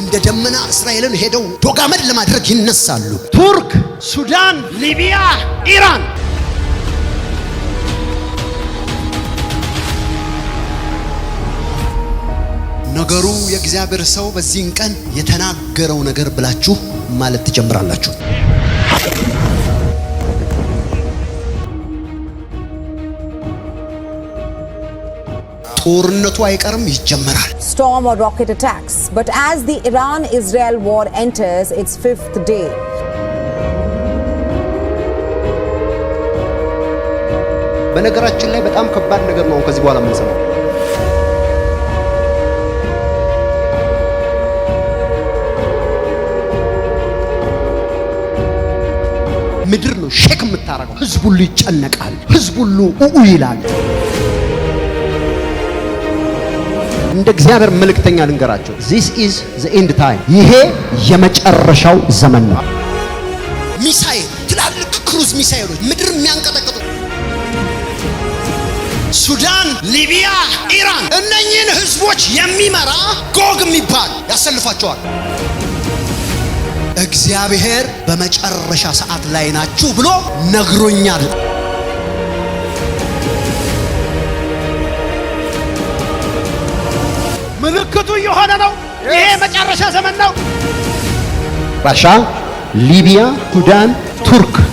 እንደ ደመና እስራኤልን ሄደው ዶጋመድ ለማድረግ ይነሳሉ። ቱርክ፣ ሱዳን፣ ሊቢያ፣ ኢራን ነገሩ የእግዚአብሔር ሰው በዚህን ቀን የተናገረው ነገር ብላችሁ ማለት ትጀምራላችሁ። ጦርነቱ አይቀርም፣ ይጀመራል። storm or rocket attacks. But as the Iran Israel war enters its fifth day, በነገራችን ላይ በጣም ከባድ ነገር ነው ከዚህ በኋላ የምንሰማው። ምድር ነው ሼክ የምታረገው። ህዝብ ሁሉ ይጨነቃል። ህዝብ ሁሉ ኡኡ ይላል። እንደ እግዚአብሔር መልእክተኛ ልንገራቸው። ዚስ ኢዝ ዘ ኤንድ ታይም፣ ይሄ የመጨረሻው ዘመን ነው። ሚሳኤል፣ ትላልቅ ክሩዝ ሚሳኤሎች ምድር የሚያንቀጠቅጡ ሱዳን፣ ሊቢያ፣ ኢራን እነኚህን ህዝቦች የሚመራ ጎግ የሚባል ያሰልፋቸዋል። እግዚአብሔር በመጨረሻ ሰዓት ላይ ናችሁ ብሎ ነግሮኛል። ምልክቱ እየሆነ ነው። ይሄ መጨረሻ ዘመን ነው። ራሻ፣ ሊቢያ፣ ሱዳን፣ ቱርክ